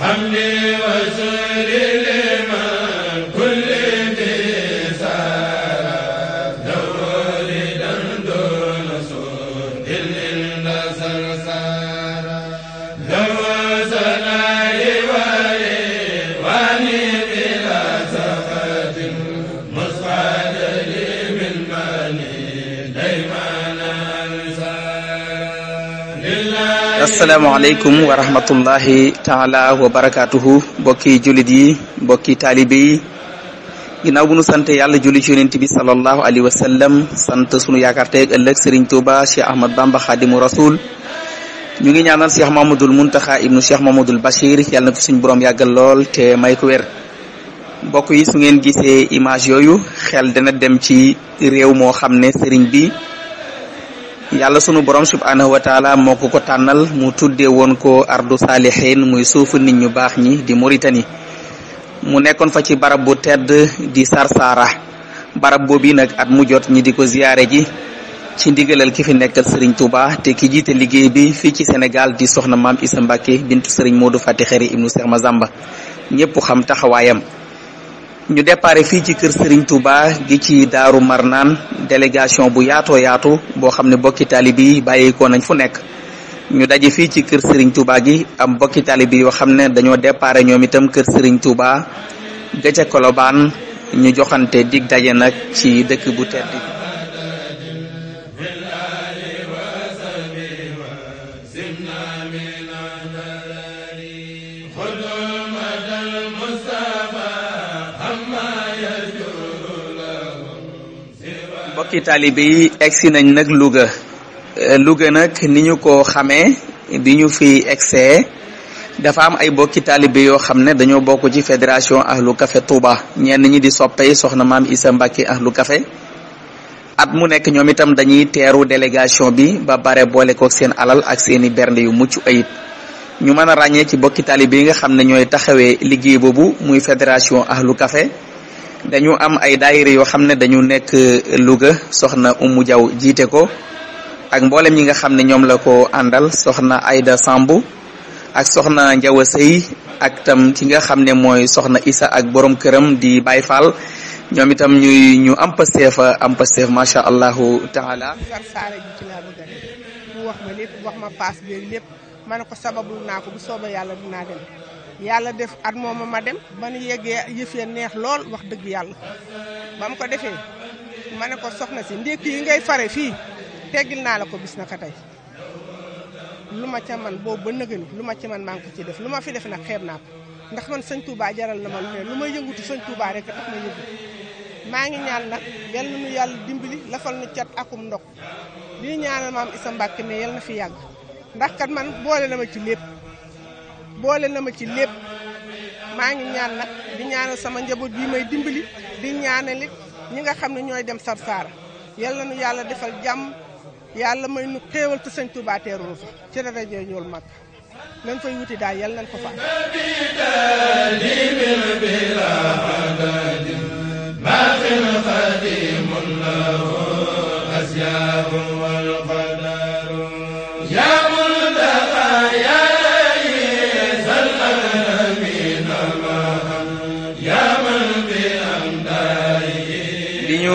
hamdi wa sali asalaamaaleykum wa rahmatullahi taala wa barakaatuhu mbokki jullit yi mbokki taalibe yi ginnaaw bu nu sant yàlla julli ci yonent bi sallallahu alayhi wa sallam sant sunu yaakaar teeg ëllëg Serigne Touba Cheikh Ahmad Bamba Xaadimu Rasul ñu ngi ñaanal Cheikh Mamadul Muntaxa ibnu Cheikh Mamadul Bachir yàlla na ko suñu borom yàggal lool te may ko wér mbokk yi su ngeen gisee image yooyu xel dana dem ci réew moo xam ne sëriñ bi. yàlla sunu borom subhanahu wa taala moo ko ko tànnal mu tuddee woon ko ardu saalihin muy suufu nit ñu baax ñi di Mauritanie mu nekkoon fa ci barab bu tedd di Sarsara barab boobu nag at mu jot ñi di ko ziyaare ji ci ndigalal ki fi nekkal Serigne Touba te ki jiite liggéey bi fii ci senegal di soxna maam Issa Mbacké bintu Serigne Modou Fati Xari ibnu Cheikh Mazamba ñëpp xam taxawaayam ñu déparé fii ci kër Serigne Touba gi ci Daaru Marnaan délégation bu yaatoo yaatu boo xam ne bokki taalibi bàyyeekoo nañ fu nekk ñu daje fii ci kër sëriñ Touba gi am bokki taalibi yoo xam ne dañoo déparé ñoom itam kër Serigne Touba ga ca ñu joxante dig daje nag ci dëkk bu tedd mbokki taalibe egsi nañ nag Louga euh, Louga nag ni ñu ko xamee bi ñu fi egsee dafa am ay bokki taalibe yoo xam ne dañoo bokk ci fédération ahlu kafe Touba ñenn ñi di soppey soxna maam Issa Mbacke ahlu kafe at mu nekk ñoom itam dañuy teeru délégation bi ba bare boole ko seen alal ak seeni bernde yu mucc ayib ñu mën a ràññee ci bokki taalibe yi nga xam ne ñooy taxawee liggéey boobu muy fédération ahlu kafe dañu am ay daayira yoo xam ne dañu nekk eh, Louga soxna Umu Jaw jiite ko ak mbooleem ñi nga xam ne ñoom la ko àndal soxna Ayda Sambu ak soxna Njawa Sëy ak tam ki nga xam ne mooy soxna Isa ak boroom këram di Baay Faal ñoom itam ñuy ñu am pasteef am pasteef macha allahu taala. wax yàlla def at mooma ma dem man nu yeggee yëf neex lool wax dëgg yàlla ba mu ko defee ma ne ko soxna si ndékki yi ngay fare fii teggil naa la ko gis na ka tey lu ma ca man boobu ba nëgëni lu ma ci man maa ngi ci def lu ma fi def nag xeeb naa ko ndax man sëñ tuubaa jaral na ma lu ne lu ma yëngutu sëñ Touba rek tax ma yëngu maa ngi ñaan nag yal na nu yàlla dimbali lafal nu cat akum ndox lii ñaanal maam Issa Mbacke mais yal na fi yàgg ndax kat man boole na ci lépp boole na ma ci lépp maa ngi ñaan nag di ñaanal sama njaboot bii may dimbali di ñaanal it ñi nga xam ne ñooy dem Sarsara yàlla nu yàlla defal jàmm yàlla may nu xéewal te sëñ fa ci rajo ñuul mag nañ fay wuti daal yàlla nañ ko fa ما في القديم له أسياب والقديم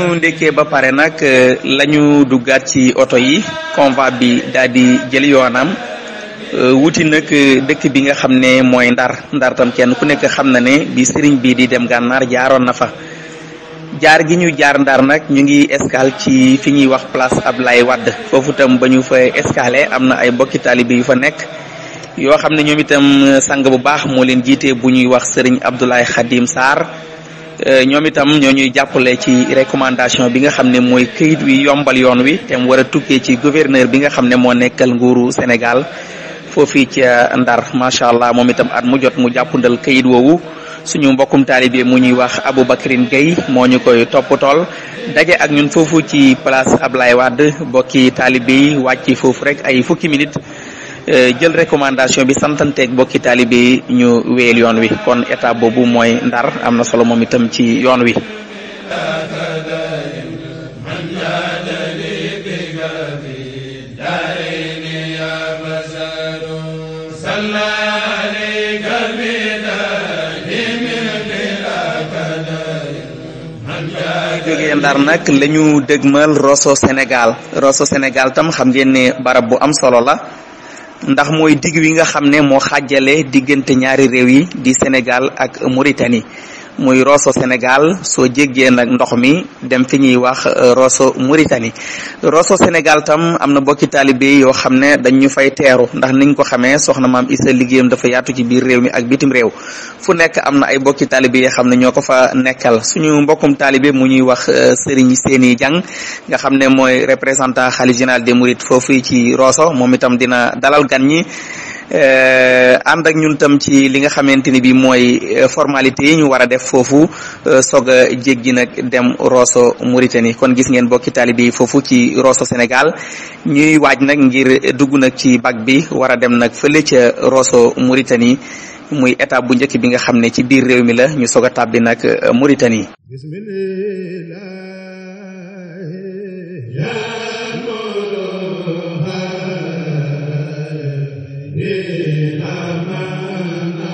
ñu ndekkee ba pare nag euh, la ñu duggaat ci oto yi convoi bi daldi jël yoonam euh, wuti nag euh, dëkk bi nga xam ne mooy ndar ndar tam kenn ku nekk xam na ne bi sëriñ bi di dem gànnaar jaaroon na fa jaar gi ñu jaar ndar nag ñu ngi escale ci fi ñuy wax place Ablaye Wade foofu tam ba ñu fa escale am na ay bokki taalibe yu fa nekk yoo xam ne ñoom itam sang bu baax moo leen jiite bu ñuy wax sëriñ Abdoulaye Khadim Sarr Euh, ñoom itam ñoo ñuy jàppale ci recommandation bi nga xam ne mooy kayit wi yombal yoon wi te mu war a tukkee ci gouverneur bi nga xam ne moo nekkal nguuru Sénégal foofii ci Ndar macha allah moom itam at mu jot mu jàppandal kayit woowu suñu mbokkum taalibe mu ñuy wax Aboubacrine Gueye moo ñu koy toppatool daje ak ñun foofu ci place Ablaye Wade bokki taalibe yi wàcc foofu rek ay fukki minutes. Eh, jël recommandation bi santanteeg bokki taalibe yi ñu wéyal yoon wi kon état boobu mooy ndar am na solo moom itam ci yoon wi jógee ndar nag lañu ñu dëgmal Rosso Sénégal Rosso Sénégal tam xam ngeen ne barab bu am solo la ndax mooy digg wi nga xam ne moo xàjjale diggante ñaari réew yi di Sénégal ak Mauritanie muy Rosso Sénégal soo jéggee nag ndox mi dem fi ñuy wax euh, Rosso Mauritanie Rosso Sénégal tam am na bokki taalibe yoo xam ne dañ ñu fay teeru ndax niñ ko xamee soxna maam Issa liggéeyam dafa yaatu ci biir réew mi ak bitim réew fu nekk am na ay bokki taalibe yoo xam ne ñoo ko fa nekkal suñu mbokkum taalibe mu ñuy wax euh, Serigne Seni Diang nga xam ne mooy représentant xalif général des Mourides foofu ci Rosso moom itam dina dalal gan ñi Eh, ànd ak ñun tam ci li nga xamante ni bi mooy eh, formalité yi ñu war a def foofu eh, soog a jéggi nag dem Rosso Mauritanie kon gis ngeen bokki taalibe yi foofu ci Rosso Sénégal ñuy waaj nag ngir dugg nag ci bag bi war a dem nag fële ca Rosso Mauritanie muy état bu njëkk bi nga xam ne ci biir réew mi la ñu soog a tàbbi nag Mauritanie bismillah ni la mana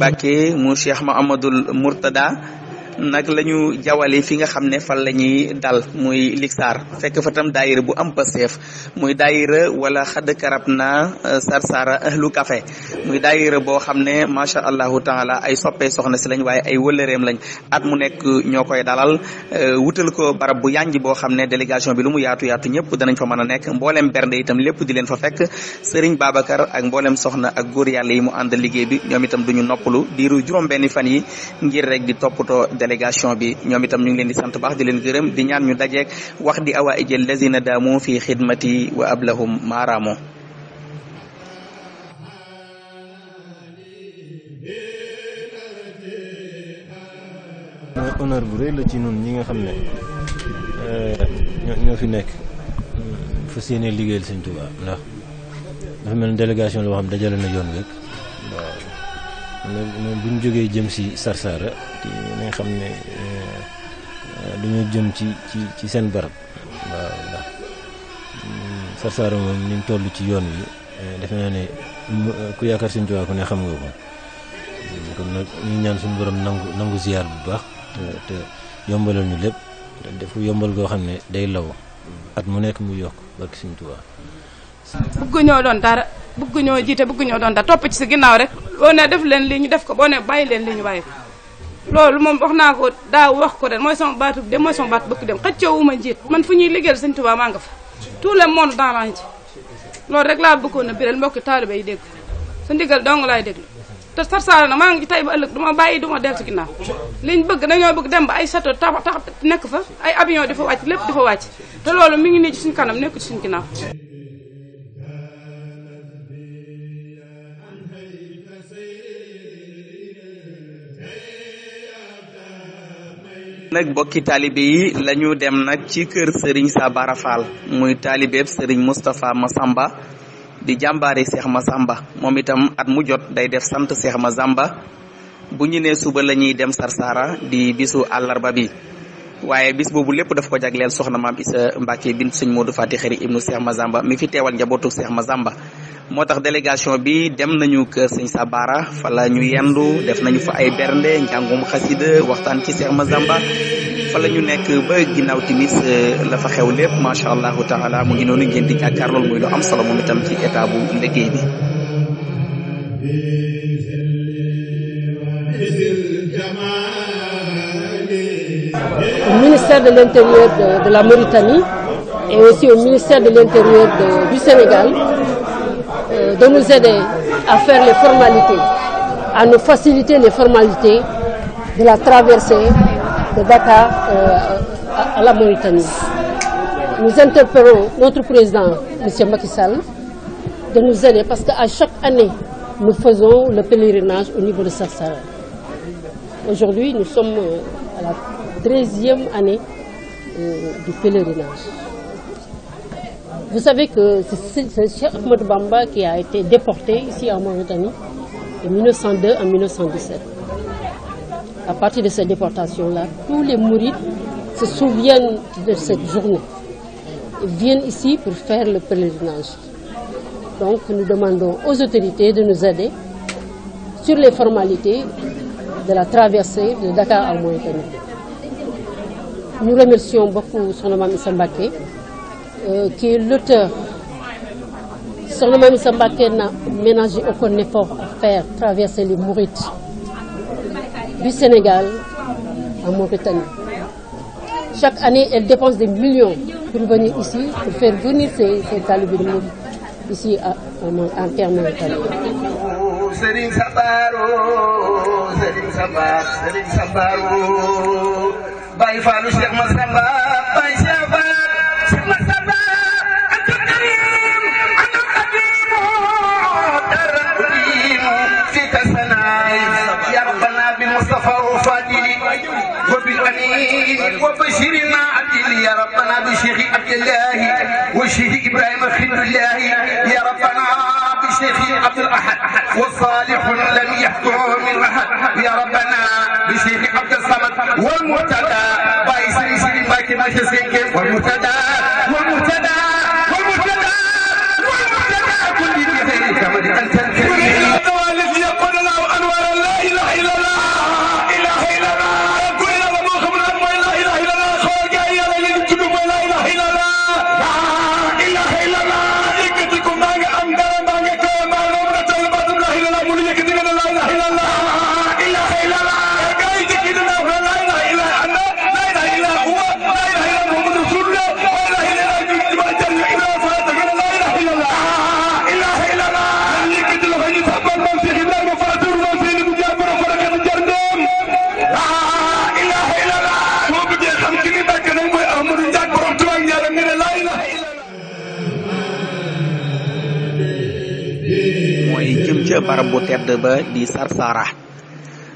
Mbàkke mu Cheikh Mahamadul Murtada nag la ñu jawale fi nga xam ne fan la ñuy dal muy Lixaar fekk fa tam daayira bu am pasteef muy daayira wala xadd karab na euh, sarsara ahlu café muy daayira boo xam ne macha allahu taala ay soppee soxna si lañ waaye ay wëllëreem lañ at mu nekk ñoo koy dalal euh, wutal ko barab bu yanj boo xam ne délégation bi lu mu yaatu yaatu ñëpp danañ fa mën a nekk mbooleem bernde itam lépp di leen fa fekk Serigne Babacar ak mbooleem soxna ak góor yàlla yi mu ànd liggéey bi ñoom itam duñu noppalu diiru juróom benni fan yi ngir rek di toppatoo délégation bi ñoom itam ñu ngi leen di sant baax di leen gërëm di ñaan ñu dajeek wax di awaa ijël lazina daamu fi xidmati wa ablahum maaraamu bu rëy la ci ñun ñi nga xam ne eh, ñoo fi nekk fas yéene liggéeyal sëñ Tuubaa ndax dafa mel ne délégation la dajale na yoon wépp moom bu ñu jógee jëm si Sarsara te nga xam ne euh, dañoo jëm ci ci ci seen barab waaw ndax mm, Sarsara moom ni mu ci yoon wi euh, defe naa ne ku yaakaar suñu tubaab ku ne xam nga ko mm, kon nag ñu ñaan suñu borom nangu nangu ziar bu baax te yombalal ñu lépp te def yombal goo xam ne day law at mu nekk mu yokk barki suñu tubaab. bëgg ñoo doon dara bëgg ñoo jiite bëgg ñoo doon dara topp ci sa ginnaaw rek. boo ne def leen lii ñu def ko boo ne bàyyi leen lii ñu ko loolu moom wax naa ko daaw wax ko ren mooy sama baatu dem mooy sama baatu bëkk dem xëccoowuma njiit man fu ñuy liggéeyal sëñ Tuubaa maa nga fa le monde dans la loolu rek laa bëggoon na biral mbokki taalibe yi dégg sa ndigal dong laay déglu te sarsaara na maa ngi tay ba ëllëg duma bàyyi duma dellu ci ginnaaw liñ bëgg dañoo bëgg dem ba ay château tax tax nekk fa ay avion di fa wàcc lépp di fa te loolu mi ngi nii ci suñ kanam nekku ci suñ ginnaaw nag bokki taalibe yi lañu dem nag ci kër sëriñ Sabara Fall muy taalibeeb sëriñ Moustapha Massamba di jàmbaari Seex Massamba moom itam at mu jot day def sant Seex Massamba bu ñu nee suba la ñuy dem Sarsara di bisu àllarba bi waaye bis boobu lépp daf ko jagleel soxna maam Isa Mbàkke bint sëñ Modou Fati Xari ibnu Seex Massamba mi fi teewal njabootu Seex Massamba moo tax délégation bi dem nañu kër sëñ Sabara fa la ñu yendu def nañu fa ay bernde njàngum xasida waxtaan ci Cheikh Mazamba fa la ñu nekk ba ginnaaw timis euh, la fa xew lépp macha allahu taala mu ngi noonu ngeen di jàkkaarlool muy lu am solo itam ci état bu liggéey bi. ministère de l'intérieur de, la Mauritanie et aussi au ministère de l'intérieur du Sénégal. de nous aider à faire les formalités, à nous faciliter les formalités de la traversée de Dakar euh, à la Mauritanie. Nous interpellons notre président, M. Macky Sall, de nous aider parce qu'à chaque année, nous faisons le pèlerinage au niveau de Sarsara. Aujourd'hui, nous sommes euh, à la 13 année euh, du pèlerinage. Vous savez que c'est Cheikh Ahmed Bamba qui a de 1902 à 1917. À partir de cette déportation-là, tous les mourides se souviennent de cette journée. Ils Donc nous demandons aux de nous aider les formalités de la traversée de Dakar en Mauritanie. Euh, qui est l'auteur Sokhna Mame Issa Mbacké n'a ménagé aucun effort à faire traverser les mourides du Sénégal en Mauritanie. Chaque année, elle dépense des millions pour venir ici, pour faire venir ces ces de mouride ici à, en, en terre البنين وبشر العدل يا ربنا بشيخ عبد الله وشيخ إبراهيم خير الله يا ربنا بشيخ عبد الأحد والصالح لم يحضره من أحد يا ربنا بشيخ عبد الصمد والمرتدى باي سري سري باكي ماشي barab bu tedd ba di Sarsara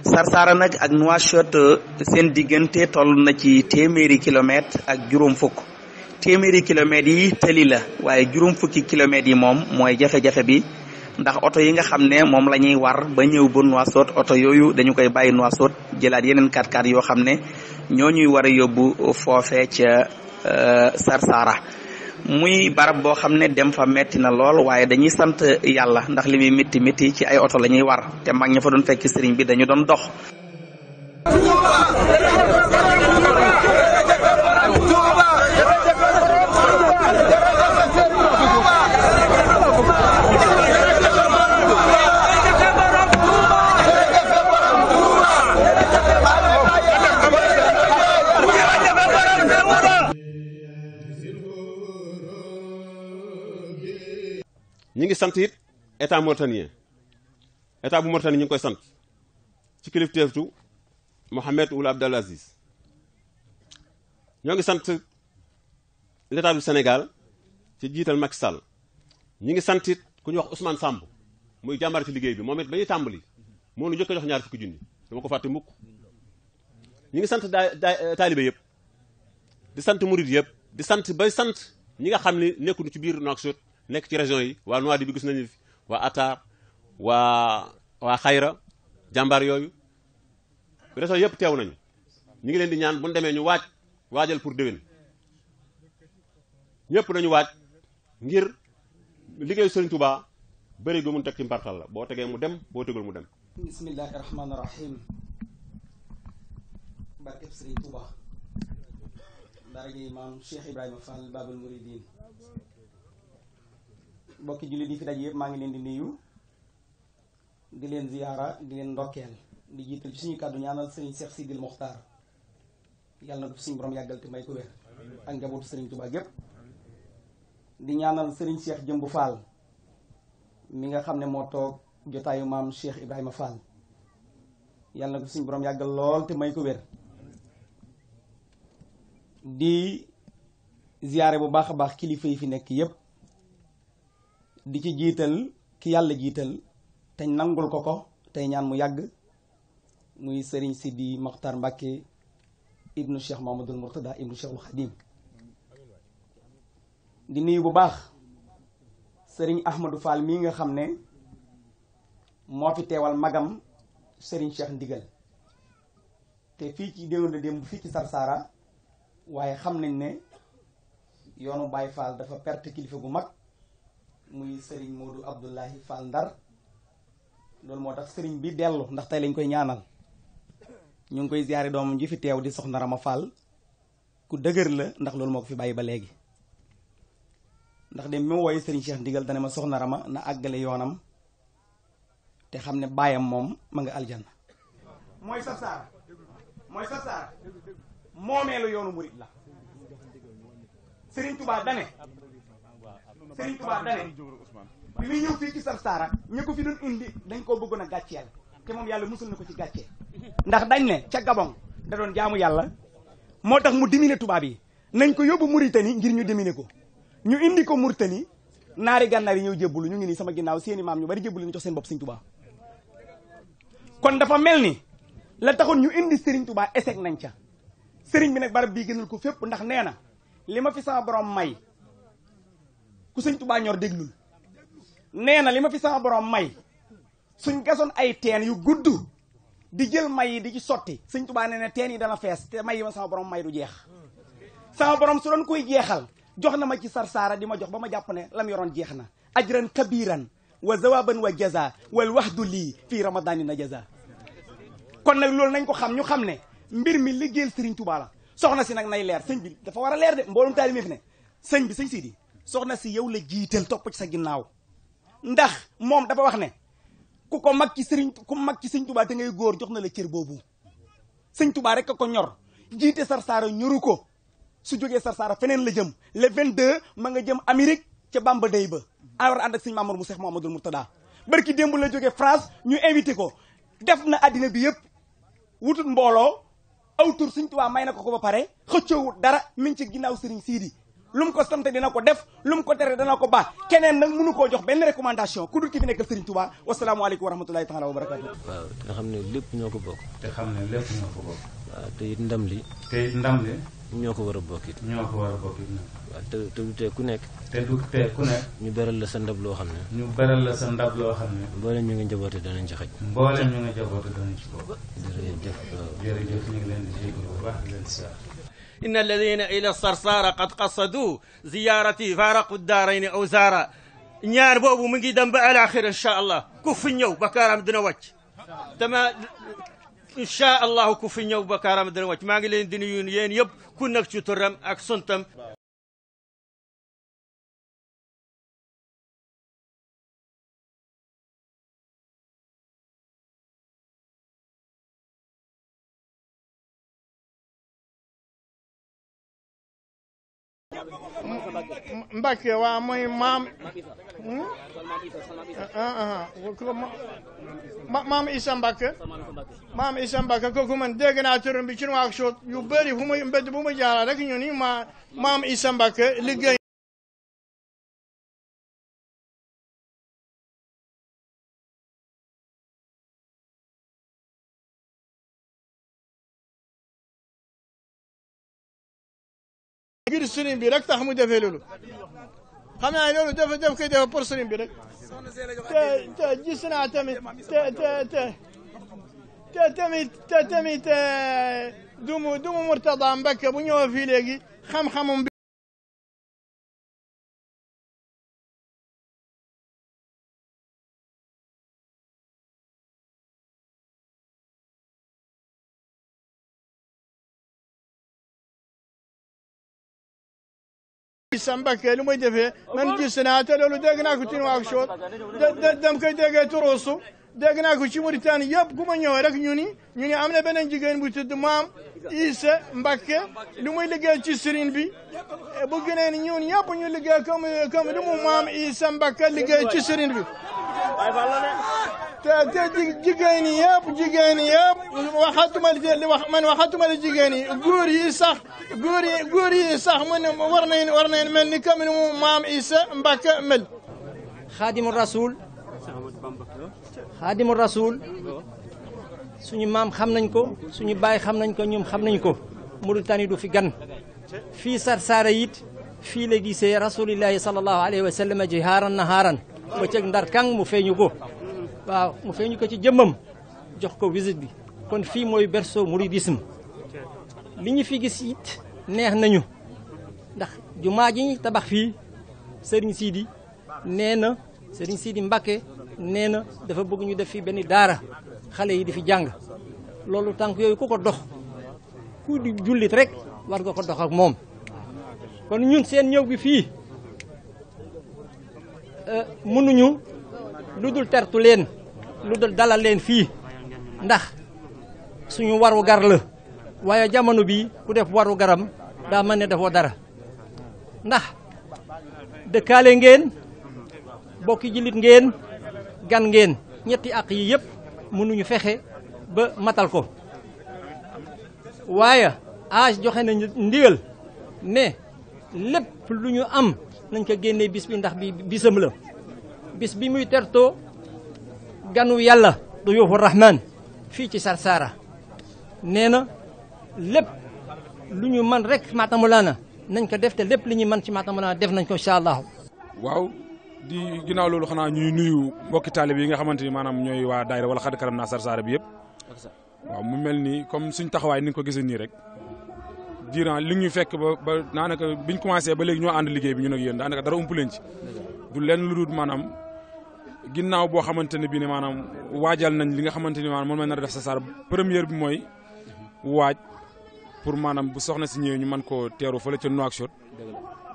Sarsara nag ak Nouakchott seen diggante toll na ci téeméeri kilomètre ak juróom fukk téeméeri kilomètres yi tëli la waaye juróom fukki kilomètres yi moom mooy jafe-jafe bi ndax oto yi nga xam ne moom la ñuy war ba ñëw ba Nouakchott oto yooyu dañu koy bàyyi Nouakchott jëlaat yeneen 4 x yoo xam ne ñoo ñuy war a yóbbu foofe ca euh, Sarsara muy barab boo xam ne dem fa metti na lool waaye dañuy sant yàlla ndax li muy métti métti ci ay oto la ñuy war te mag ñi fa doon fekk sëriñ bi dañu doon dox sant it état mauritanien état bu Mauritanie ñu ngi koy sant ci kilifteefu Mohamed Ould Abdel Aziz ñoo ngi sant l'état du Sénégal ci jiital Macky Sall ñu ngi sant it ku ñuy wax Ousmane Samb muy jàmbaar ci liggéey bi moom it ba ñuy tàmbali moo nu jëkk jox ñaar fukki junni dama ko fàtte mukk ñu ngi sant daa daa taalibe yëpp di sant murid yëpp di sant bay sant ñi nga xam ne nekku ci biir Nouakchott nekk ci région yi waa di bi gis nañu fi waa Atar waa waa Xayra jàmbaar yooyu région yëpp teew nañu ñu ngi leen di ñaan bu ñu demee ñu waaj waajal pour déwén ñëpp nañu waaj ngir liggéeyu Sëriñ Tuubaa bëri gu mun teg ci mbartal la boo tegee mu dem boo tegul mu dem bismillahi rahmaani rahim mbokki jullit yi fi daj yëpp maa ngi leen di nuyu di leen ziyaara di leen ndokkeel di jiital ci suñu kàddu ñaanal sëriñ Cheikh Sidil Mokhtar yàlla na ko suñu may ko wér ak sëriñ Touba gépp di ñaanal sëriñ Cheikh Jëmb Fall mi nga xam ne moo toog jotaayu maam Cheikh Ibrahima Fall yàlla na ko suñu borom yàggal lool te may ko wér di ziyaare bu baax a baax kilifa yi fi nekk yépp di ci jiital ki yàlla jiital te nangul ko ko tey ñaan mu yàgg muy sëriñ Sidi Mokhtar Mbacke ibnu Cheikh Mahamadul Mourtada ibnu Cheikhul Khadim di nuyu bu baax sëriñ Ahmadou Fall mi nga xam ne moo fi teewal magam sëriñ Cheikh Ndigal te fii ci déwén la démb fii ci Sarsara waaye xam nañ ne yoonu Baye Fall dafa perte kilifa gu mag muy Serigne Modou Abdoulahi Fall Ndar loolu moo tax sëriñ bi dellu ndax tey lañ koy ñaanal ñu ngi koy ziyaare doomam ji fi teew di soxna ma Fall ku dëgër la ndax loolu moo ko fi bàyyi ba léegi. ndax de mi wooyu Serigne Cheikh ndigal dana ma soxna Rama na àggale yoonam te xam ne baayam moom ma nga aljanna mooy saf saara Serigne Touba dane bi muy ñëw fii ci Sarsara ña ko fi doon indi dañ koo bëggoon a gàcceel te moom yàlla musul na ko ci gàcce ndax dañ ne ca Gabon da doon jaamu yàlla moo tax mu dimine tubaab yi nañ ko yóbbu Mauritanie ngir ñu dimine ko ñu indi ko Mauritanie naari gànnaar yi ñëw jébbulu ñu ngi nii sama ginnaaw seeni maam ñu bari jébbulu ñu jox seen bopp Serigne Touba kon dafa mel ni la taxoon ñu indi Serigne Touba échec nañ ca Serigne bi nag barab bii gënal ko fépp ndax nee na li ma fi sama borom may ku sëñ tubaa ñor déglul nee na li ma fi sama borom may suñ gasoon ay teen yu gudd di jël may yi di ci sotti sëñ tubaa nee ne teen yi dana fees te may yi ma sama borom may du jeex sama borom su doon koy jeexal jox na ma ci sarsaara di ma jox ba ma jàpp ne lam yoroon jeex na ajran kabiran wa zawaban wa jaza wal waxdu lii fii ramadani na jaza kon nag loolu nañ ko xam ñu xam ne mbir mi liggéeyal sëriñ tubaa la soxna si nag nay leer sëñ bi dafa war a leer de mboolum taalimeef ne sëñ bi sëñ siidi sokhna si yow la jiital topp ci sa ginnaaw ndax moom dafa wax ne ku ko mag ci sëriñ ku mag ci sëñ tubaa te ngay góor jox na la cër boobu sëñ tubaa ka a ko ñor jiite sarsaara ñoru ko su jógee sarsaara feneen la jëm le 22 ma nga jëm Amérique ca Bamba day ba awar ànd ak sëñ Mamour mu Seex Muhammadul Murtada barki démb la jógee France ñu invité ko def na àddina bi yëpp wutut mbooloo aw tur sëñ tubaa may na ko ko ba pare xëccoowut dara min ci ginnaaw sëriñ Siidi lu mu ko sant dina ko def lu mu ko tere dana ko baax keneen nag mënu koo jox benn recommandation ku dul ki fi nekkal Serigne Touba wasalaamaaleykum wa rahmatulahi taala wa waaw te xam ne lépp ñoo ko bokk. te xam ne lépp ñoo ko bokk. waaw te it ndam li. te it ndam ñoo ko war a bokk it. ñoo ko war a bokk te ku nekk. te du te ku nekk. ñu beral la sa ndab loo xam ne. ñu beral la sa ndab loo xam ne. mboolem ñu ngi njaboote danañ ci xaj. ñu ngi njaboote danañ ci bokk. jërëjëf waaw jërëjëf ñu ngi leen di jégalu bu baax di leen إن الذين إلى الصرصار قد قصدوا زيارتي فارقوا الدارين أو زارا ñaar boobu mu ngi dem ba alaxira incha allah ku fi ñëw bakaaram dina wàcc dama incha allah ku fi ñëw bakaaram dina wàcc maa ngi leen di nuyu yéen yëpp ku nekk ci turam ak suntam Mbàkke waa mooy maam hmm? uh-huh. maam Isa Mbàkke maam Isa Mbàkke kooku man dégg naa turam bi ci nu ak soot yu bëri fu muy mbedd bu mu jaara rek ñu ni ma maam Isa Mbàkke liggéey ngir sëriñ bi rek tax mu defee loolu xam naa loolu dafa def koy defe pour sëriñ bi rek te te gis naa tamit te te te te tamit te tamit dumu dumu Murtada Mbakke bu ñëw fii léegi xam-xamum سمبك لو ما يدفع من جسناته لو دقنا كتنوا عكشوت دم كي دقيتو روسو dégg naa ko ci Mauritanie yëpp ku ma ñëw rek ñu ni ñu ni am ne benen jigéen bu tudd maam Issa Mbakke lu muy liggéey ci sëriñ bi bu gënee ni ñun yëpp ñu liggéey comme comme lu mu maam Issa Mbakke liggéey ci bi te te jigéen yi yëpp jigéen yi yëpp waxatuma li wax man waxatuma li jigéen yi góor yi sax góor yi góor yi sax man war nañ war nañ mel ni comme lu mu maam Issa Mbakke mel xaadimu rasul xaadimu rasuul suñu maam xam nañ ko suñu baay xam nañ ko ñoom xam nañ ko Mauritanie du fi gan fii Sarsara it fii la gisee rasulillahi sallallahu alayhi wa sallam ji haaran na haaran ba cëg ndar kang mu feeñu ko mu feeñu ko ci jëmmam jox ko visite bi kon fii mooy berceau mouridisme li ñu fi gis it neex nañu ndax jumaa ji tabax fii Serigne Sidi nee na Serigne Sidi Mbacké nee na dafa bëgg ñu def fi benn daara xale yi di fi jàng loolu tànk yooyu ku ko dox ku di jullit rek war nga ko dox ak moom kon ñun seen ñëw bi fii euh, mënuñu lu dul tertu leen lu dul dalal leen fii ndax suñu waru gar la waaye jamono bi ku def waru garam daa mel ne dafoo dara ndax dëkkaale ngeen bokki jullit ngeen gan ngeen ñetti àq yi yëpp mënuñu fexe ba matal ko waaye age joxe nañu ndigal ne lépp lu ñu am nañ ko génnee bis bi ndax bi bisam la bis bi muy tertoo ganu yàlla duyuufu rahman fii ci Sarsara nee na lépp lu ñu man rek Matamulana nañ ko def te lépp li ñu man ci Matamulana def nañ ko incha allah waaw di ginnaaw loolu xanaa ñuy nuyu mbokki taalib yi nga xamante ni maanaam ñooy waa daayira wala xarit karam naa sar saara bi yëpp mu mel ni comme suñ taxawaay ni nga ko gisee nii rek durant li ñu fekk ba ba daanaka biñ commencé ba léegi ñoo ànd liggéey bi ñun ak yéen daanaka dara ump leen ci du lenn lu dul maanaam ginnaaw boo xamante ne bi ne maanaam waajal nañ li nga xamante ni maanaam moom la nar def sa saar première bi mooy waaj pour maanaam bu soxna si ñëwee ñu mën koo teeru fële ca Nouakchott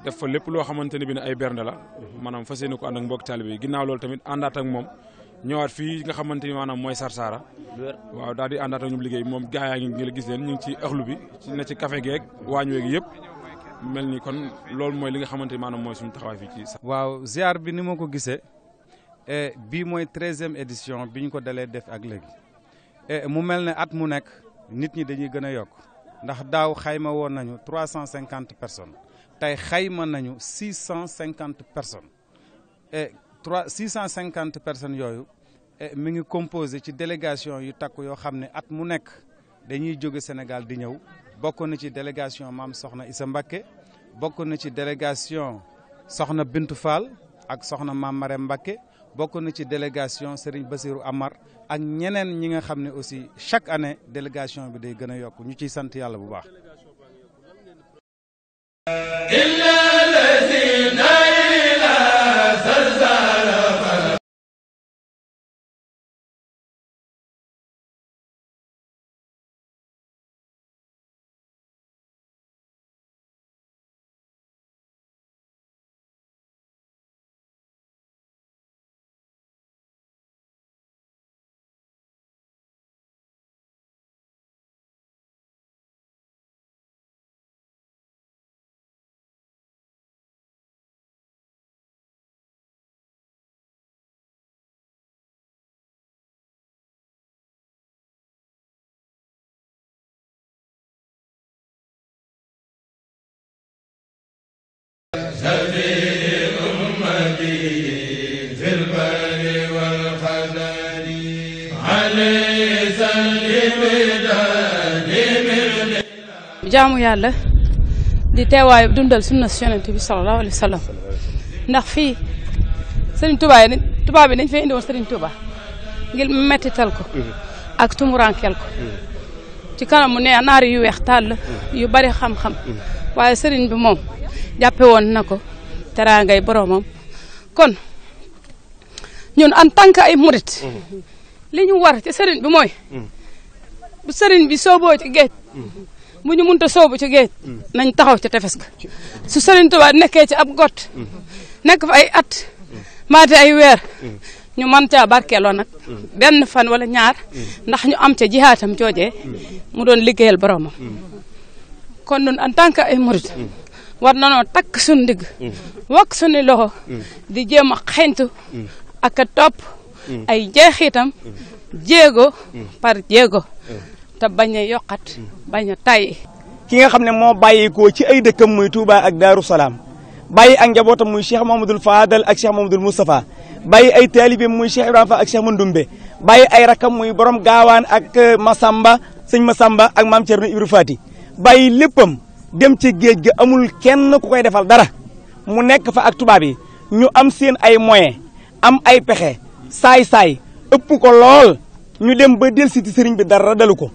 def fa lépp loo xamante ne bi ne ay bernde la maanaam fas yéene ko ànd ak mbokk taalibe yi ginnaaw tamit àndaat ak moom ñëwaat fii nga xamante ni maanaam mooy Sarsara waaw daal di àndaat ak ñoom liggéey moom gaa yaa ngi gis leen ñu ci axlu bi na ci café geeg waañ weeg yëpp mel ni kon loolu mooy li nga xamante ni maanaam mooy suñu taxawaay fii ci waaw ziar bi ni ma ko gisee e, bii mooy treizième édition bi ñu ko dalee def ak léegi e, mu mel ne at mu nekk nit ñi dañuy gën a yokk ndax daaw xayma woon nañu trois cent cinquante personnes tey xayma nañu six cent cinquante personnes et trois cent cinquante personnes yooyu mi ngi composé ci délégation yu takku yoo xam ne at mu nekk dañuy jóge Sénégal di ñëw bokk na ci délégation maam Soxna Issa Mbacké bokk na ci délégation Soxna Bintu Fall ak Soxna maam Marème Mbacké bokk na ci délégation Serigne Bassirou Amar ak ñeneen ñi nga xam ne aussi chaque année délégation bi day gën a yokk ñu ci sant yàlla bu baax. illa jaamu yàlla di teewaay dundal sunna si yonent sallallahu alayhi sallam ndax fii sëriñ Touba yi Touba bi dañ fay indi woon sëriñ Touba ngir mettital ko ak tumuraankel ko ci mu ne naari yu weex tàll yu bari xam-xam mm. waaye sëriñ bi moom jàppe woon na ko teraangay boromam kon ñun en tant que ay murit mm-hmm. li ñu war ci sëriñ bi mooy mm-hmm. bu sëriñ bi sooboo ci géej mm-hmm. bu ñu mënta soobu ci géej nañ taxaw ci tefes ga su sëriñ Tuubaa nekkee ci ab got nekk fa ay at maate ay weer ñu mën caa barkeeloo nag benn fan wala ñaar ndax ñu am ca jihaatam joojee mu doon liggéeyal boromam kon ñun en tant que ay murit war nanoo takk suñu ndigg mm. wokk suñu loxo mm. di jéem a xeñtu mm. ak a topp ay jeexitam jéego par jéego te bañ a yokkat bañ a tayyi ki nga xam ne moo bàyyikoo ci ay dëkkam muy Touba ak Daaru Salaam bàyyi ak njabootam muy Cheikh Mamadou Fadal ak Cheikh Mamadou Moustapha bàyyi ay taalibeem muy Cheikh Ibrahima Fall ak Cheikh ay rakam muy borom gaawaan ak ma eh, Masamba sëñ samba ak maam Thierno Ibrahima Fati bàyyi léppam dem ci géej ga amul kenn ku koy defal dara mu nekk fa ak tubaab yi ñu am seen ay moyen am ay pexe saay-saay ëpp ko lool ñu dem ba delsi ci sëriñ bi dara dalu ko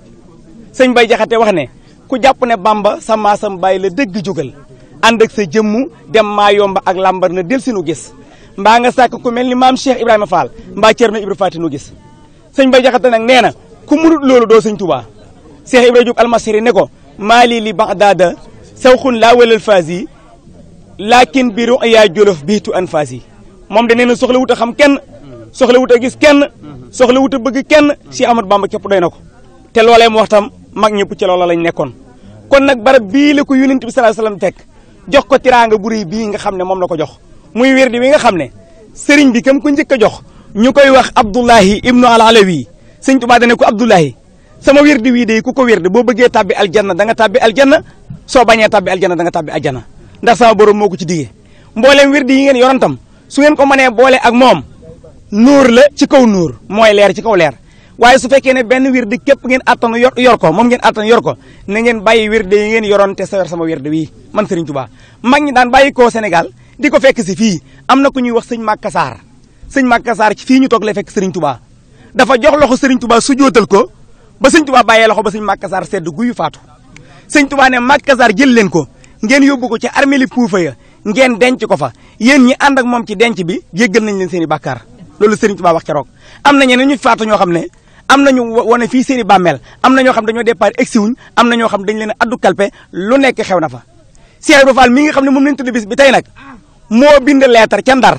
sëñ bay jaxate wax ne ku jàpp ne bamba sa maasam bàyyi la dëgg jógal ànd ak sa jëmmu dem maa yomba ak làmbar na del si nu gis mbaa nga sàkk ku mel ni maam Cheikh Ibrahima Fall mbaa Thierno Ibra Faty nu gis sëñ bay jaxate nag nee na ku munut loolu doo sëñ tubaa Cheikh Ibrahima Diop ne ko maali li baxdaada sawxun laa walal faas yi laakin bi ruya jolof biitu an faas yi moom de nee soxla wut a xam kenn soxla wut a gis kenn soxla wut a bëgg kenn Cheikh Ahmad Bamba képp doy na ko te loolee mu waxtam mag ñëpp ci loola lañ nekkoon kon nag barab bii la ko yonent bi sallallahu alayhi wasallam teg jox ko tiraanga bu rëy bii nga xam ne moom la ko jox muy wérdi wi nga xam ne sëriñ bi kam ku njëkk a jox ñu koy wax Abdullahi ibnu al Alawi sëñ Tuubaa dane ko Abdullahi sama wirdi wii de ku ko wirdi boo bëggee tabbi aljanna da nga tabbi aljanna soo bañee tabbi aljanna da nga tabbi aljanna ndax sama borom moo ko ci digee mbooleem wirdi yi ngeen yorantam su ngeen ko mënee boole ak moom nuur la ci kaw nuur mooy leer ci kaw leer waaye su fekkee ne benn wirdi képp ngeen attanu yor yor ko moom ngeen attanu yor ko na ngeen bàyyi wirdi yi ngeen yoroon te sa yor sama wirdi wii man Serigne Touba mag ñi daan bàyyi koo Sénégal di ko fekk si fii am na ku ñuy wax sëñ Màkka Saar sëñ Màkka Saar ci fii ñu toog lay fekk Serigne Touba dafa jox loxo Serigne Touba su jootal ko ba sëñ Tuubaa bàyyee loxo ba sëñ Màkkasaar sedd guy faatu sëñ Tuubaa ne Màkkasaar jël leen ko ngeen yóbbu ko ci armeli puufa ya ngeen denc ko fa yéen ñi ànd ak moom ci denc bi jéggal nañ leen seen i bàkkaar loolu sëriñ Tuubaa wax ca roog am na ñeneen ñu faatu ñoo xam ne am na ñu wane fii seen i bàmmeel am na ñoo xam dañoo départ egsi wuñ am na ñoo xam dañ leen addu kalpe lu nekk xew na fa Cheikh Ibra Fall mi nga xam ne moom lañ tudd bis bi tey nag moo binda leetar ca Ndar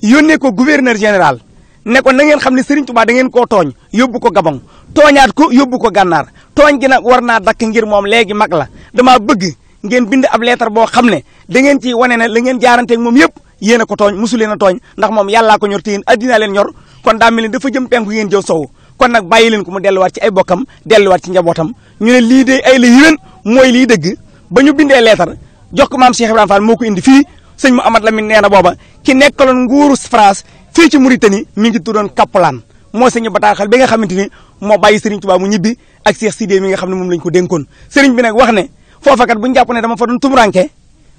yónnee ko gouverneur général ne ko na ngeen xam ne Serigne Touba da ngeen koo tooñ yóbbu ko Gabon tooñaat ko yóbbu ko gànnaar tooñ gi nag war naa dakk ngir moom léegi mag la damaa bëgg ngeen bind ab leetar boo xam ne da ngeen ciy wane ne la ngeen jaaranteeg moom yëpp yéen a ko tooñ mosu leen a tooñ ndax moom yàllaa ko ñor te yéen addinaa leen ñor kon daa mel ni dafa jëm penku ngeen jëw sow kon nag bàyyi leen ko mu delluwaat ci ay bokkam delluwaat ci njabootam ñu lii de ay la yéwén mooy lii dëgg ba ñu bindee leetar jox ko maam Cheikh Ibrahima Fall moo ko indi fii sëñ Mouhamad Lamine nee na booba ki nekkaloon nguuru France fii ci Mauritanie mi ngi tuddoon Kappalaan moo sañu bataaxal bi nga xamante ni moo bàyyi Serigne Touba mu ñibbi ak Cheikh Sidé mi nga xam ne moom lañ ko dénkoon Serigne bi nag wax ne foofa kat bu ñu jàpp ne dama fa doon tumuranke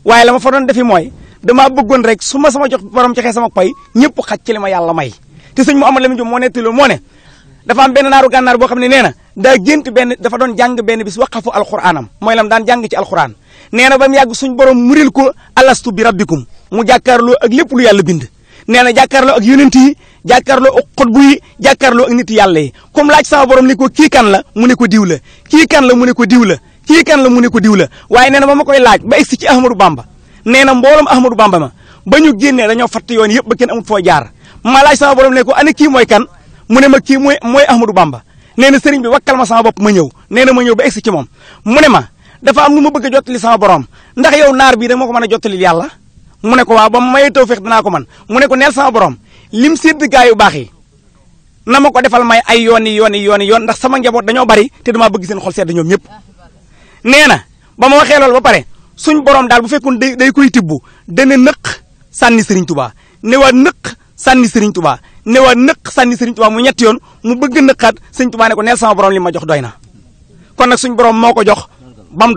waaye la ma fa doon defi mooy damaa bëggoon rek su ma sama jox borom joxee sama pay ñëpp xaj ci li ma yàlla may te sëñ Mouhamadou Lamine Diop moo netti loolu moo ne dafa am benn naaru gànnaar boo xam ne nee na daa gént benn dafa doon jàng benn bis waqafu alxuraanam mooy lam daan jàng ci alxuraan nee na ba mu yàgg suñ borom muril ko alastu bi rabbikum mu jàkkaarloo ak lépp lu yàlla bind nee na jàkkaarloo ak yonent yi jàkkaarloo ak xutbu yi jàkkaarloo ak nit yàlla yi comme laaj sama borom ni ko kii kan la mu ne ko diw la kii kan la mu ne ko diw la kii kan la mu ne ko diw la waaye nee na ba ma koy laaj ba egsi a Ahmadou Bamba nee na a Ahmadou Bamba ma ba ñu génnee dañoo fatt yoon yëpp ba kenn am foo jaar ma laaj sama borom ne kii mooy kan mu ne ma kii mooy a Ahmadou Bamba nee na sëriñ bi wakkal ma sama bopp ma ñëw nee na ma ñëw ba egsi ci moom mu ne ma dafa am lu ma bëgg a jottali sama borom ndax yow naar bii da ma ko mën a jottalil yàlla mu ne ko waa ba mu mayee tawféex dinaa ko man mu ne ko neel sama borom lim sédd gaa yu baax na ma ko defal may ay yoon yi yoon yi yoon yoon ndax sama njaboot dañoo bari te damaa bëgg seen xol sedd ñoom ñëpp nee na ba ma waxee loolu ba pare suñ borom daal bu fekkoon day day koy tibb dana nëq sànni Serigne tubaa ne waa nëq sànni Serigne tubaa ne waa sànni Serigne Touba mu ñetti yoon mu bëgg nëqaat Serigne Touba ne ko neel sama borom li ma jox doy na kon nag suñ borom moo ko jox ba mu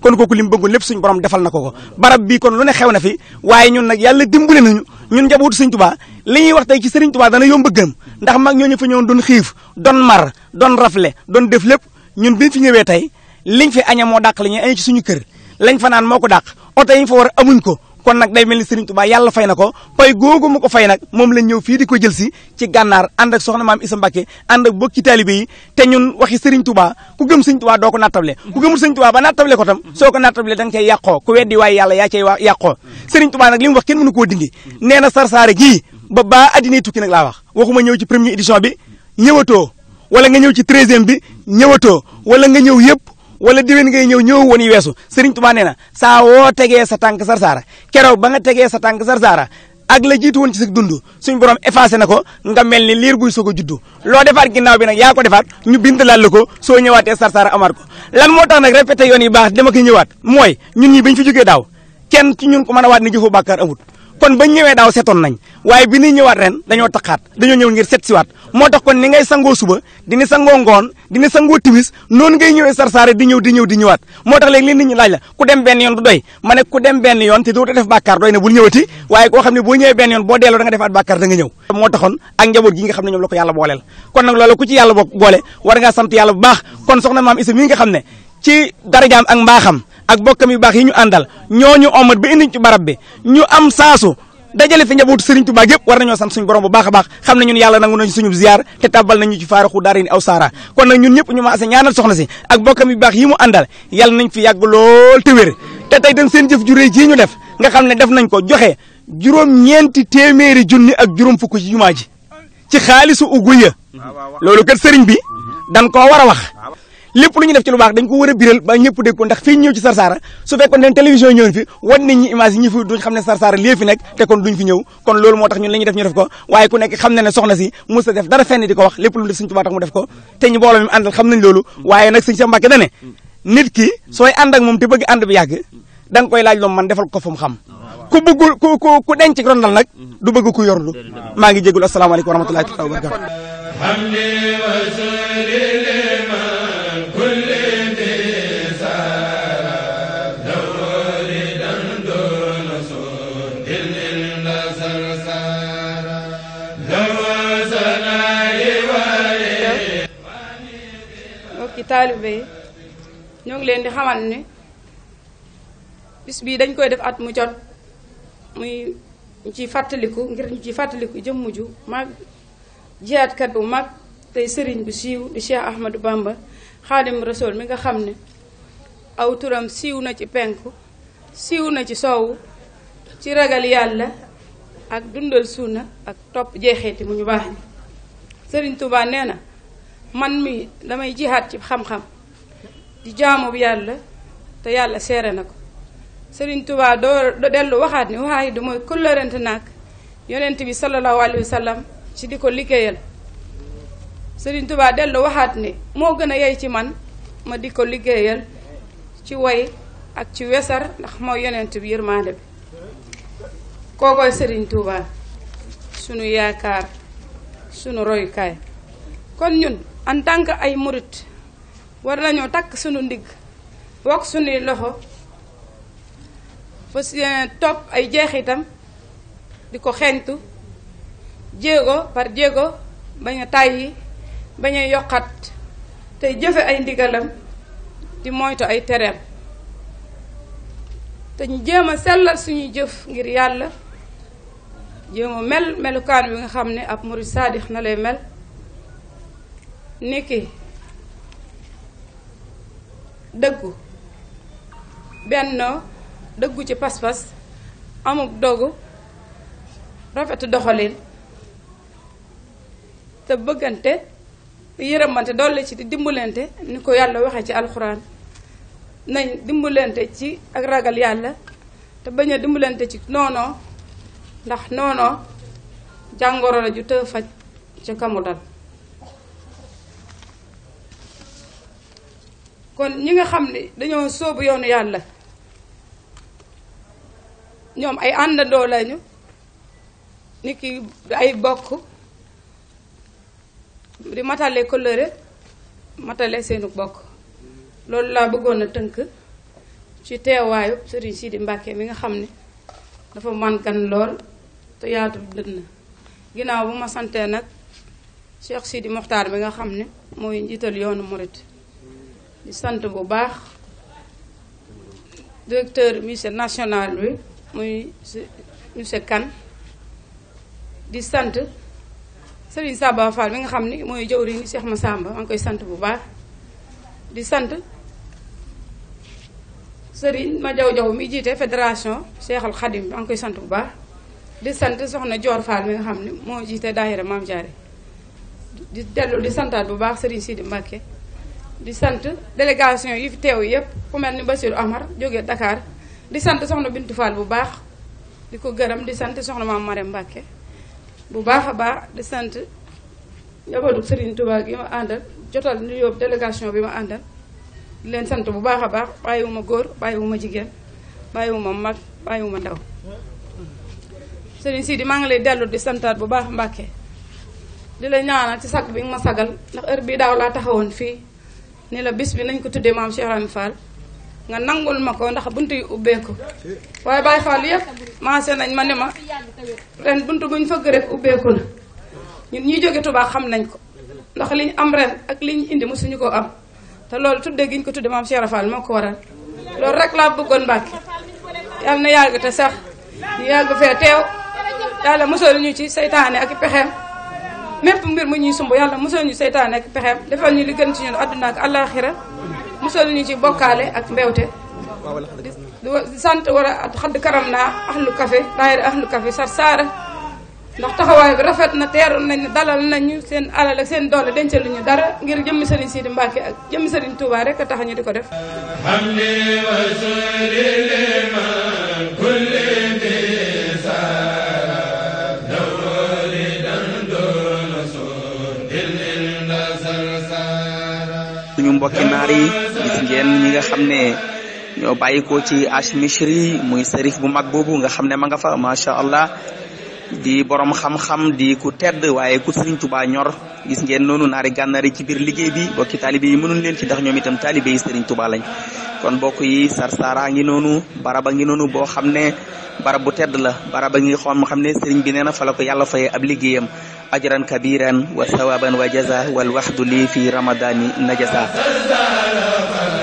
kon kooku li mu bëggoon lépp suñu borom defal na ko ko barab bii kon lu ne xew na fi waaye ñun nag yàlla dimbale nañu ñun njabootu sëñ tubaa li ñuy wax tey ci sëriñ tubaa dana yomb a gëm ndax mag ñooñu fa ñëwoon doon xiif doon mar doon rafle doon def lépp ñun biñ fi ñëwee tey liñ fi aña moo dàq la ñuy aña ci suñu kër lañ fa moo ko dàq oto yi ñu fa war amuñ ko kon day mel ni Serigne Touba yàlla fay na ko pay googu mu ko fay nag moom lañ ñëw fii di ko jël si ci gànnaar ànd ak soxna maam Issa Mbacké ànd ak bokki taalibe yi te ñun waxi Serigne Touba ku gëm Serigne Touba doo ko nattable ku gëmul Serigne Touba ba nattable ko tam soo ko nattable da nga cay yàqoo ku weddi waaye yàlla yaa cay wa yàqoo Serigne Touba nag li mu wax kenn mënu koo dindi nee na sarsaare gii ba baa addinay tukki nag laa wax waxuma ñëw ci première édition bi ñëwatoo wala nga ñëw ci treizième bi ñëwatoo wala nga ñëw yëpp wala déwén ngay ñëw ñëw woon yi weesu Serigne Touba nee na saa woo tegee sa tànk Sarsara keroog ba nga tegee sa tànk Sarsara ak la jiitu woon ci sa dund suñ borom effacé na ko nga mel ni liir buy soog juddu loo defaat ginnaaw bi nag yaa ko defaat ñu bind laal la ko soo ñëwaatee Sarsara amaat ko lan moo tax nag répété yoon yi baax dama koy ñëwaat mooy ñun ñi bañ fi jógee daaw kenn ci ñun ko mën a waat ni jëfu bàkkaar amut kon bañ ñëwee daaw setoon nañ waaye bi ñuy ñëwaat ren dañoo taxaat dañoo ñëw ngir set moo tax kon ni ngay sangoo suba di ni sangoo ngoon dina sangoo tiwis noonu ngay ñëwee sarsaare di ñëw di ñëw di ñëwaat moo tax léegi li nit ñi laaj la ku dem benn yoon du doy ma ne ku dem benn yoon te doo def bàkkaar doy na bul ñëwati waaye koo xam ne boo ñëwee benn yoon boo delloo da nga defaat bàkkaar da nga ñëw moo taxoon ak njaboot gi nga xam ne ñoom la ko yàlla booleel kon nag loolu ku ci yàlla boole war ngaa sant yàlla bu kon soxna maam isa mi nga xam ne ci darajaam ak mbaaxam ak bokkam yu baax yi ñu àndal ñooñu omat ba indi ci barab bi ñu am saasu dajale fi njabootu Serigne Touba yëpp war nañoo sant suñu borom bu baax a baax xam ne ñun yàlla nangu nañu suñu ziar te tàbbal nañu ci faaraxu daara ni aw saara kon nag ñun ñëpp ñu maase ñaanal soxna si ak bokkam baax yi mu àndal yàlla nañ fi yàgg lool te wér te tey tam seen jëf ju ji ñu def nga xam ne def nañ ko joxe juróom ñeenti téeméeri junni ak juróom fukk ci jumaa ji ci xaalisu ugu ya loolu kat sëriñ bi mm-hmm. dan koo war a wax lépp lu ñu def ci lu baax dañ ko war a biral ba ñëpp dégg ko ndax fii ñëw Sarsara su fekkoon ne télévision ñëw fi wan nit ñi image yi ñi fi xam ne Sarsara lii fi nekk te kon duñ fi ñëw kon loolu moo tax ñun li ñu def ñu def ko waaye ku nekk xam na ne soxna si mos a def dara fenn di ko wax lépp lu def Sëñ Tuubaa tax mu def ko te ñu booloo mi àndal xam nañ loolu waaye nag Sëñ Seex Mbàkke dane nit ki sooy ànd ak moom te bëgg ànd bi yàgg da koy laaj loom man defal ko fa mu xam ku bëggul ku ku ku denc rondal nag du bëgg ku yorlu maa ngi jégul asalaamaaleykum wa rahmatullahi wa barakatuh taalibe yi ñoo ngi leen di xamal ne bis bii dañ koy def at mu jot muy ñu ciy fàttaliku ngir ñu ciy fàttaliku jëmm ju mag jihaatkat bu mag tey sëriñ bu siiw di Cheikh Ahmadou Bamba xaadim rasool mi nga xam ne aw turam siiw na ci penku siiw na ci soow ci ragal yàlla ak dundal suuna ak topp jeexeeti mu ñu baax ni sëriñ Touba nee na man mi damay jihaat ci xam-xam di jaamu yàlla te yàlla seere na ko Sëriñ Tuubaa doo dellu waxaat ni waaye du mooy kóllërante naag yonent bi sallallahu alayhi wa ci di ko liggéeyal Sëriñ Tuubaa dellu waxaat ni moo gën a yey ci man ma di ko liggéeyal ci woy ak ci wesar ndax mooy yonent bi yërmaande bi kookoy Sëriñ Tuubaa sunu yaakaar sunu royukaay kon ñun en tant que ay murit war nañoo takk suñu ndigg wokk sunuy loxo fas yéene topp ay jeexitam di ko xeeñtu jéego par jéego bañ a tàyyi bañ a yokkat tey jëfe ay ndigalam di moytu ay tereem te ñu jéem a sellal suñuy jëf ngir yàlla jéem a mel melukaan bi nga xam ne ab murit saadix na lay mel niki dëggu bennoo dëggu ci pas-pas amub dogu rafetu doxalin te bëggante yërëmante dolli ci di dimbalante ni ko yàlla waxee ci alxuraan nañ dimbalante ci ak ragal yàlla te bañ a dimbalante ci noonoo ndax noonoo jàngoro la ju të faj ci kamu kon ñi nga xam ne dañoo sóobu yoonu yàlla ñoom ay àndandoo lañu ni ki ay bokk di matale coloré matale seenu bokk loolu laa bëggoon a tënk ci teewaayu sëriñ Sidi Mbàkke mi nga xam ni dafa mankan lool te yaatu dënn ginnaaw bu ma santee nag Cheikh Sidi Moxtaar bi nga xam ne mooy njiital yoonu murit di sant bu baax directeur musée national bi muy monsieur Kane di sant Serigne Saba Fall mi nga xam ni mooy jëwriñu Cheikh Massamba maa ngi koy sant bu baax di sant Serigne ma jaw jaw mi jiite fédération Cheikhul Khadim maa ngi koy sant bu baax di sant soxna Dior Fall mi nga xam ni moo jiite daayira Maam Jaare di dellu di santaat bu baax Serigne Sidi Mbacke di sant délégation yi fi teew yëpp ku mel ni Bassirou Amar jógee Dakar di sant soxna Bintu Fall bu baax di ko gërëm di sant soxna maam Marème Mbacke bu baax a baax di sant njabootu Serigne Touba gi ma àndal jotal nu yóbbu délégation bi ma àndal leen sant bu baax a baax bàyyiwuma góor bàyyiwuma jigéen bàyyiwuma mag bàyyiwuma ndaw sii di maa ngi lay dellu di santaat bu baax Mbacke di la ñaanal ci sag bi nga ma sagal ndax heure bii daaw laa taxawoon fii. ni la bis bi nañ ko tuddee maam Cheikh Ibrahima Fall nga nangul ma ko ndax bunt yu ubbeeku waaye Baye Fall yëpp maase nañ ma ne ma ren buntu buñ fëgg rek ubbeeku na ñun ñuy jóge tubaax xam nañ ko ndax liñ am ren ak li liñ indi mu mosuñu ko am te loolu tuddee giñ ko tuddee maam Cheikh Ibrahima Fall moo ko waral loolu rek laa bëggoon Mbàkke yàlla na yàgg te sax ñu yàgg fee teew yàlla mosal ñu ci seytaane ak i pexeem mépp mbir mu ñuy sumb yàlla musal ñu seytaan ak pexeem defal ñu li gën ci ñun àdduna ak àllaaxira musal ñu ci bokkaale ak mbewte di sant war a xadd karam naa ahlu café daayira ahlu café sar saara ndax taxawaay bi rafet na teeru nañ dalal nañu seen alal ak seen doole dencalu ñu dara ngir jëmmi sëriñ Sidi Mbacke ak jëmmi sëriñ Touba rek a tax ñu di ko def mbokki naar gis ngeen ñi nga xam ne ñoo bàyyikoo ci ash misri muy sërif bu mag boobu nga xam ne ma nga fa macha allah di borom xam-xam di ku tedd waaye ku Sëriñ tubaa ñor gis ngeen noonu naari gànnaar yi ci biir liggéey bi bokki taalibe yi mënul leen ci ndax ñoom itam taalibe yi Sëriñ tubaa lañ kon bokk yi sarsaara ngi noonu baraba ngi noonu boo xam ne barab bu tedd la ba ngi xoon mu xam ne sëriñ bi nee na fa la ko yàlla fayee ab liggéeyam ajran kabiran wa thawaban wa jaza wal waxdu lii fi ramadaani najasa